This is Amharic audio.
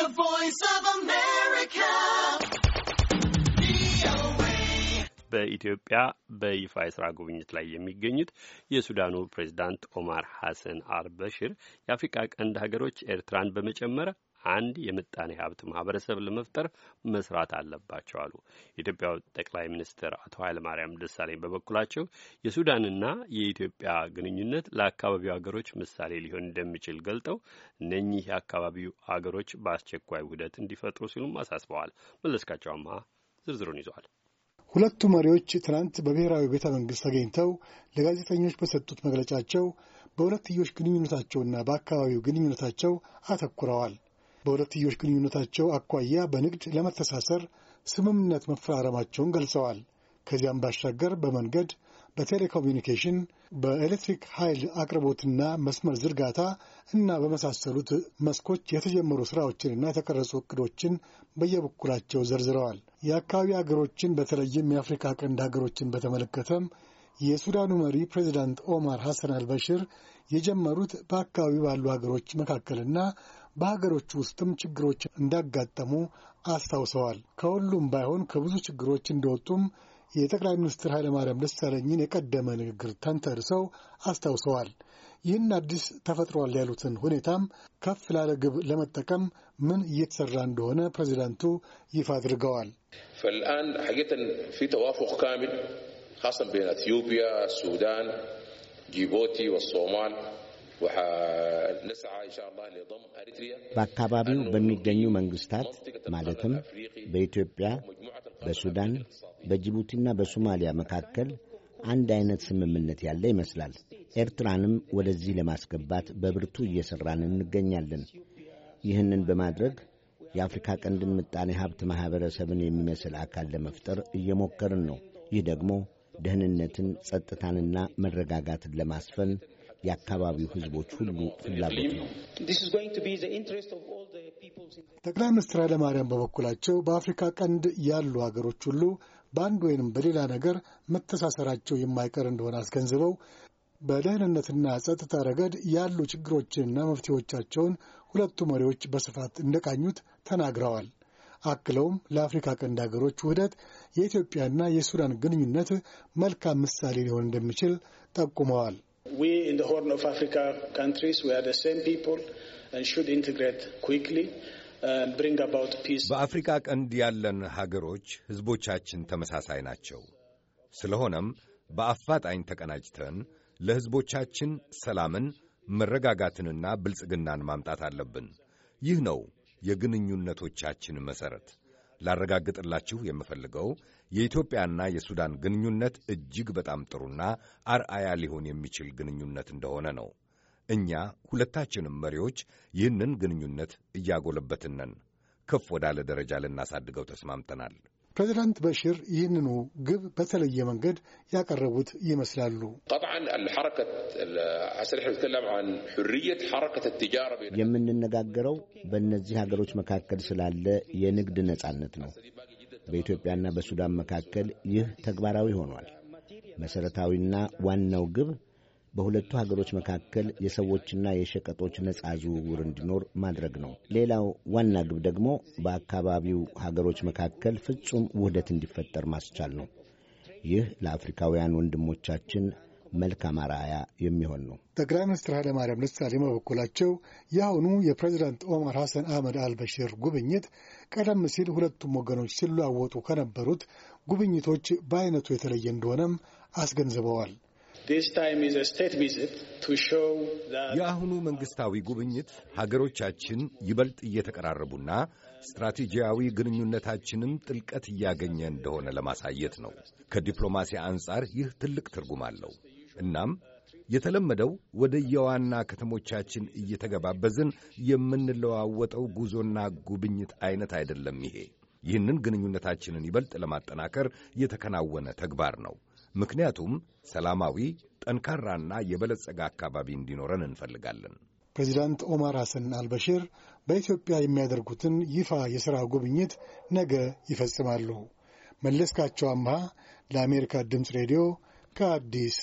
The Voice of America. በኢትዮጵያ በይፋ የስራ ጉብኝት ላይ የሚገኙት የሱዳኑ ፕሬዚዳንት ኦማር ሐሰን አልበሽር የአፍሪካ ቀንድ ሀገሮች ኤርትራን በመጨመር አንድ የምጣኔ ሀብት ማህበረሰብ ለመፍጠር መስራት አለባቸው አሉ። የኢትዮጵያ ጠቅላይ ሚኒስትር አቶ ኃይለማርያም ደሳለኝ በበኩላቸው የሱዳንና የኢትዮጵያ ግንኙነት ለአካባቢው ሀገሮች ምሳሌ ሊሆን እንደሚችል ገልጠው እነኚህ የአካባቢው አገሮች በአስቸኳይ ውህደት እንዲፈጥሩ ሲሉም አሳስበዋል። መለስካቸው አምሃ ዝርዝሩን ይዘዋል። ሁለቱ መሪዎች ትናንት በብሔራዊ ቤተ መንግሥት ተገኝተው ለጋዜጠኞች በሰጡት መግለጫቸው በሁለትዮሽ ግንኙነታቸውና በአካባቢው ግንኙነታቸው አተኩረዋል። በሁለትዮሽ ግንኙነታቸው አኳያ በንግድ ለመተሳሰር ስምምነት መፈራረማቸውን ገልጸዋል። ከዚያም ባሻገር በመንገድ፣ በቴሌኮሚኒኬሽን፣ በኤሌክትሪክ ኃይል አቅርቦትና መስመር ዝርጋታ እና በመሳሰሉት መስኮች የተጀመሩ ሥራዎችንና የተቀረጹ እቅዶችን በየበኩላቸው ዘርዝረዋል። የአካባቢ ሀገሮችን በተለይም የአፍሪካ ቀንድ ሀገሮችን በተመለከተም የሱዳኑ መሪ ፕሬዚዳንት ኦማር ሐሰን አልበሽር የጀመሩት በአካባቢ ባሉ ሀገሮች መካከልና በሀገሮች ውስጥም ችግሮች እንዳጋጠሙ አስታውሰዋል። ከሁሉም ባይሆን ከብዙ ችግሮች እንደወጡም የጠቅላይ ሚኒስትር ኃይለማርያም ደሳለኝን የቀደመ ንግግር ተንተርሰው አስታውሰዋል። ይህን አዲስ ተፈጥሯል ያሉትን ሁኔታም ከፍ ላለ ግብ ለመጠቀም ምን እየተሰራ እንደሆነ ፕሬዚዳንቱ ይፋ አድርገዋል። خاصة بين أثيوبيا السودان ጂቡቲ ወሶማል በአካባቢው በሚገኙ መንግስታት ማለትም በኢትዮጵያ፣ በሱዳን፣ በጅቡቲና በሶማሊያ መካከል አንድ አይነት ስምምነት ያለ ይመስላል። ኤርትራንም ወደዚህ ለማስገባት በብርቱ እየሠራን እንገኛለን። ይህንን በማድረግ የአፍሪካ ቀንድን ምጣኔ ሀብት ማኅበረሰብን የሚመስል አካል ለመፍጠር እየሞከርን ነው። ይህ ደግሞ ደህንነትን፣ ጸጥታንና መረጋጋትን ለማስፈን የአካባቢው ሕዝቦች ሁሉ ፍላጎት ነው። ጠቅላይ ሚኒስትር ኃይለማርያም በበኩላቸው በአፍሪካ ቀንድ ያሉ ሀገሮች ሁሉ በአንድ ወይንም በሌላ ነገር መተሳሰራቸው የማይቀር እንደሆነ አስገንዝበው በደህንነትና ጸጥታ ረገድ ያሉ ችግሮችንና መፍትሄዎቻቸውን ሁለቱ መሪዎች በስፋት እንደቃኙት ተናግረዋል። አክለውም ለአፍሪካ ቀንድ ሀገሮች ውህደት የኢትዮጵያና የሱዳን ግንኙነት መልካም ምሳሌ ሊሆን እንደሚችል ጠቁመዋል። በአፍሪካ ቀንድ ያለን ሀገሮች ሕዝቦቻችን ተመሳሳይ ናቸው። ስለሆነም በአፋጣኝ ተቀናጅተን ለሕዝቦቻችን ሰላምን መረጋጋትንና ብልጽግናን ማምጣት አለብን። ይህ ነው የግንኙነቶቻችን መሠረት። ላረጋግጥላችሁ የምፈልገው የኢትዮጵያና የሱዳን ግንኙነት እጅግ በጣም ጥሩና አርአያ ሊሆን የሚችል ግንኙነት እንደሆነ ነው። እኛ ሁለታችንም መሪዎች ይህንን ግንኙነት እያጎለበትነን ከፍ ወዳለ ደረጃ ልናሳድገው ተስማምተናል። ፕሬዚዳንት በሽር ይህንኑ ግብ በተለየ መንገድ ያቀረቡት ይመስላሉ። የምንነጋገረው በእነዚህ ሀገሮች መካከል ስላለ የንግድ ነጻነት ነው። በኢትዮጵያና በሱዳን መካከል ይህ ተግባራዊ ሆኗል። መሠረታዊና ዋናው ግብ በሁለቱ ሀገሮች መካከል የሰዎችና የሸቀጦች ነፃ ዝውውር እንዲኖር ማድረግ ነው። ሌላው ዋና ግብ ደግሞ በአካባቢው ሀገሮች መካከል ፍጹም ውህደት እንዲፈጠር ማስቻል ነው። ይህ ለአፍሪካውያን ወንድሞቻችን መልካም አርአያ የሚሆን ነው። ጠቅላይ ሚኒስትር ኃይለማርያም ደሳለኝ በበኩላቸው የአሁኑ የፕሬዚዳንት ኦማር ሐሰን አህመድ አልበሽር ጉብኝት ቀደም ሲል ሁለቱም ወገኖች ሲለዋወጡ ከነበሩት ጉብኝቶች በአይነቱ የተለየ እንደሆነም አስገንዝበዋል። የአሁኑ መንግሥታዊ ጉብኝት ሀገሮቻችን ይበልጥ እየተቀራረቡና ስትራቴጂያዊ ግንኙነታችንም ጥልቀት እያገኘ እንደሆነ ለማሳየት ነው። ከዲፕሎማሲ አንጻር ይህ ትልቅ ትርጉም አለው። እናም የተለመደው ወደየዋና ከተሞቻችን እየተገባበዝን የምንለዋወጠው ጉዞና ጉብኝት አይነት አይደለም። ይሄ ይህንን ግንኙነታችንን ይበልጥ ለማጠናከር የተከናወነ ተግባር ነው። ምክንያቱም ሰላማዊ ጠንካራና የበለጸገ አካባቢ እንዲኖረን እንፈልጋለን። ፕሬዚዳንት ኦማር ሐሰን አልበሽር በኢትዮጵያ የሚያደርጉትን ይፋ የሥራ ጉብኝት ነገ ይፈጽማሉ። መለስካቸው አምሃ ለአሜሪካ ድምፅ ሬዲዮ ከአዲስ